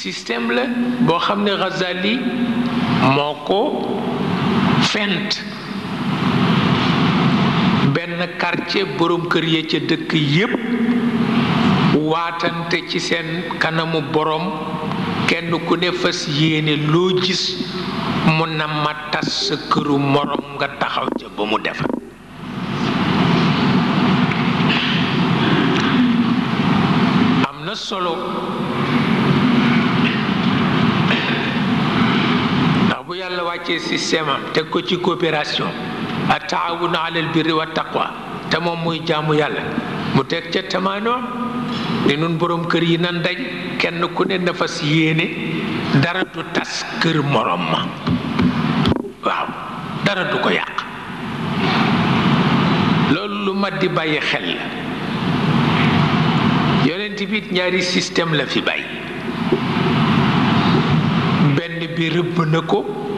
sistem la boo xam ne Ghazali moo ko fent benn quartier boroom kër ya ca dëkk yépp waatante ci seen kanamu boroom kenn ku ne fas yéene loo gis mu na ma tas sa këru morom nga taxaw ca ba mu defar am na solo wàccee système teg ko ci coopération a taawun alal birri wa te moom muy jaamu yàlla mu teg ca tamaanoo ne nun borom kër yi na daj kenn ku ne na fas dara du tas kër moroom ma waaw dara du ko yàq loolu lu mat di bàyyi xel la yonent bi ñaari système la fi bàyyi benn bi rëbb na ko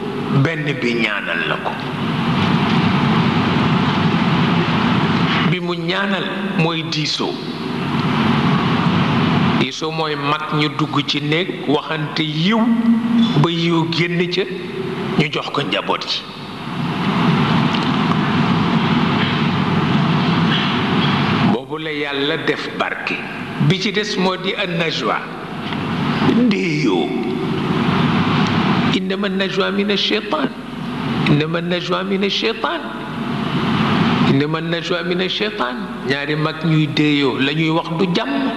benn bi ñaanal la ko bi mu ñaanal mooy diisoo diisoo mooy mag ñu dugg ci néeg waxante yiw ba yiw génn ca ñu jox ko njaboot yi boobu la yàlla def barke bi ci des moo di an najwa déeyoo إنما النجوى من الشيطان إنما النجوى من الشيطان إنما النجوى من الشيطان نياري ماك نيو ديو لا نيو واخ دو جام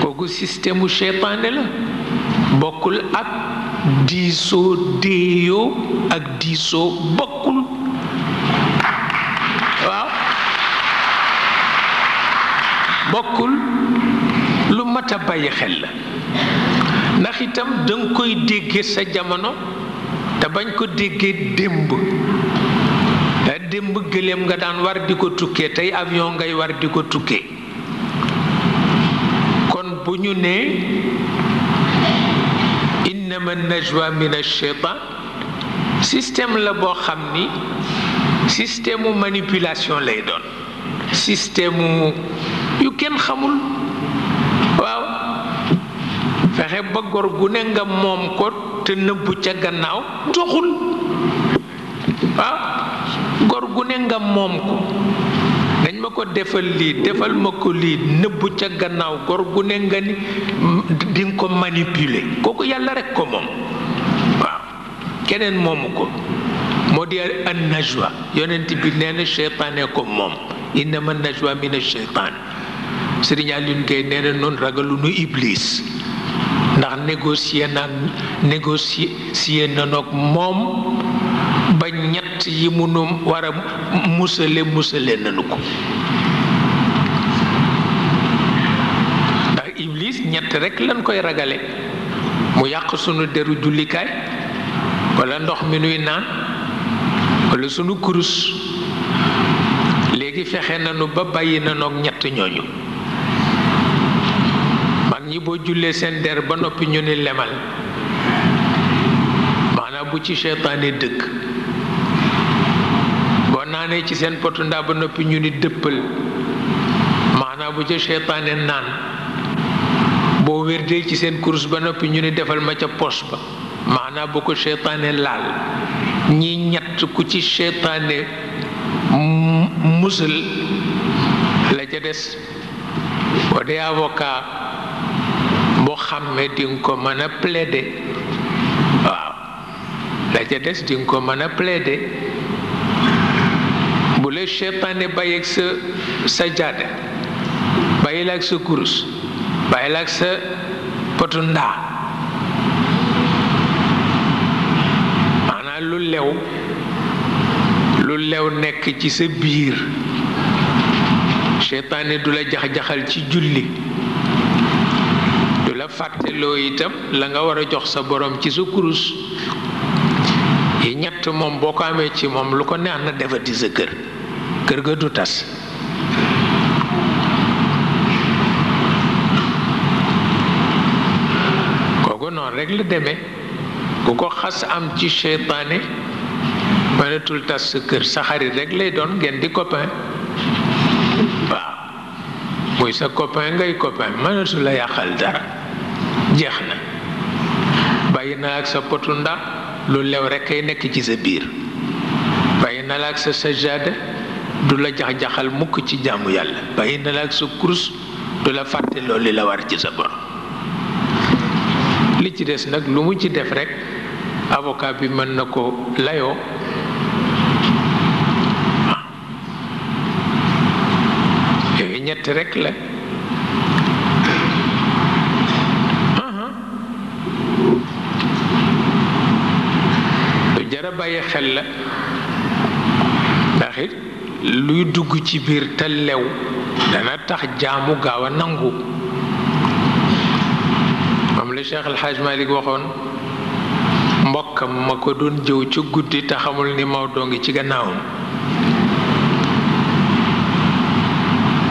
كوكو سيستيمو شيطان لا بوكول اك ديسو ديو اك ديسو بوكول واو لو متا باي خيل ndax itam danga koy déggee sa jamono te bañ ko déggee démb eh, démb gëléem nga daan war di ko tukkee tey avion ngay war di ko tukkee kon bu ñu nee innama najwa min ash-shaytan la boo xam ni système manipulation lay doon système yu kenn xamul fexe ba gor gu ne nga moom ko te nëbbu ca gannaaw doxul waaw ah, gu ne nga moom ko dañ ma ko defal lii defal ma ko lii nëbbu ca gannaaw gor gu ne nga ni mm, ko manipuler kooku yàlla rek ko moom waaw keneen moomu ko moo di an najwa yonent bi nee na seytaane ko moom innama najwa min a seytaan Sëriñ Aliou Gueye nee noonu ragalu nu iblis ndax négocier naag négocier nanoog moom ba ñett yi munu war a musale musale nanu ko ndax iblis ñett rekk lañ koy ragale mu yàq sunu deru jullikaay walla ndox mi nuy naan walla sunu kurus léegi fexe nanu ba bàyyi nanoog ñett ñooñu yi boo jullee seen der ba noppi ñu ni lemal maanaam bu ci seytaane dëkk boo naanee ci seen potu ba noppi ñu ni dëppal maanaam bu ci seytaane naan boo wérdee ci seen kurus ba noppi ñu ni defal ma ca poos ba maanaam bu ko seytaane laal ñi ñett ku ci seytaane musal la ca des boo dee avocat xàmme di ko mën a plaider waaw la des di ko mën a plaider bu la seytaane bàyyi ak sa sa jaada bàyyi ak sa kurus bàyyi la ak sa potu ndaa lu lew lu lew nekk ci sa biir seytaane du la jax-jaxal ci julli fàtteloo itam la nga war a jox sa boroom ci su kurus yi ñett moom boo ko amee ci moom lu ko neex na defati sa kër kër ga du tas kooku noonu rek la deme bu ko xas am ci seytaane mënatul tas sa kër sa xarit rek lay doon ngeen di copain waaw muy sa copain ngay copain mënatu la yàqal dara jeex na bàyyi na ak sa potu ndar lu lew rekk ay nekk ci sa biir bàyyi na la ak sa sajjaada du la jax-jaxal mukk ci jaamu yàlla bàyyi na la ak sa kurus du la fàtte loolu li la war ci sa borom li ci des nag lu mu ci def rekk avocat bi mën na ko layoo yooyu eh, ñett rekk la bàyyi xel la ndax luy dugg ci biir te lew dana tax jaamu gaaw a nangu moom la Cheikh El Hadj waxoon mbokkam ma ko doon jëw ci guddi te xamul ni Maodo ngi ci gannaawam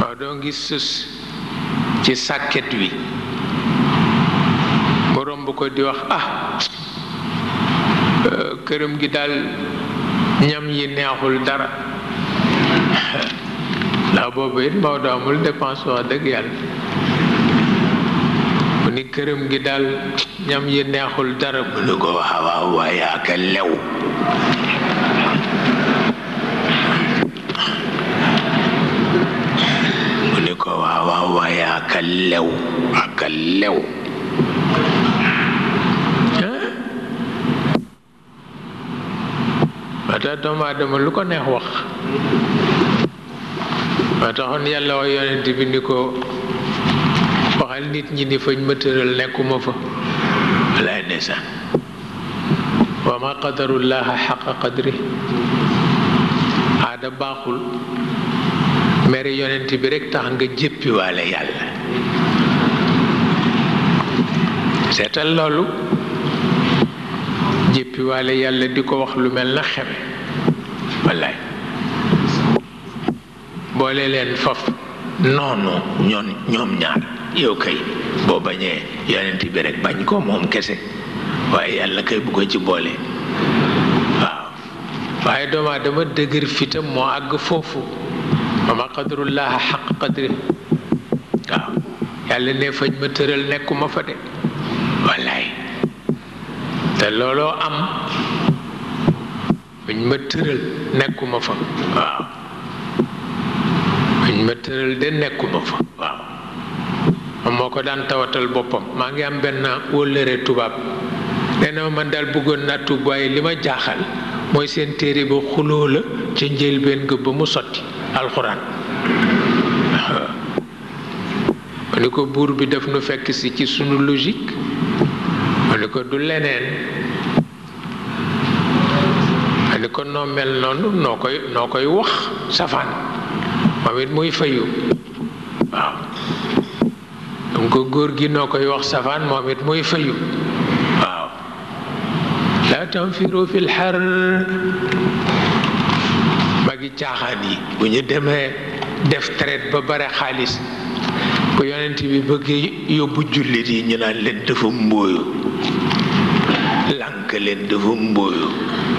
Maodo ngi sës ci sàkket wi borom bu ko di wax ah këram gi daal ñam yi neexul dara ndax boobu it Maodo amul dépense wax dëgg yàlla mu ni këram gi daal ñam yi neexul dara mu ni ko waaw waaw waaye ak lew mu ni ko waaw waaw waaye ak lew ak lew te doomu aadama lu ko neex wax moo taxoon yàlla wax yonent bi ni ko waxal nit ñi ni fañ ma tëral nekkuma fa walaay ndeysaan wa ma qadarullaha xaqa qadri aada baaxul mere yonent bi rek tax nga jéppi waale yàlla seetal loolu jéppi waale yàlla di ko wax lu mel na xeme wallaay boole leen faf noonu ñoom ñaar yow kay boo bañee yonent bi rek bañ ko moom kese waaye yàlla kay bu ci boole waaw waaye doomu aadama dëgër fitam moo àgg foofu wa ma qadrullaha xaq qadri waaw yàlla ne fañ ma tëral nekkuma fa de wallaay te looloo am buñ ma tëral nekkuma fa waaw buñ ma tëral de nekkuma fa waaw moo ko daan tawatal boppam maa ngi am benn wóllëre tubaab nee na ma man daal bëggoon naa tuub li ma jaaxal mooy seen téere ba xuloo la ca njëlbeen ga ba mu sotti alxuraan ma ni ko buur bi daf nu fekk si ci sunu logique ma ni ko du leneen xali ko noo mel noonu noo koy noo koy wax safaan moom it muy fayu waaw donc góor gi noo koy wax safaan moom it muy fayu waaw laa tanfiru fi lxar magi caaxaan yi bu ñu demee def traite ba bare xaalis bu yonent bi bëggee yóbbu jullit yi ñu naan leen dafa mbóoyu lànk leen dafa mbóoyu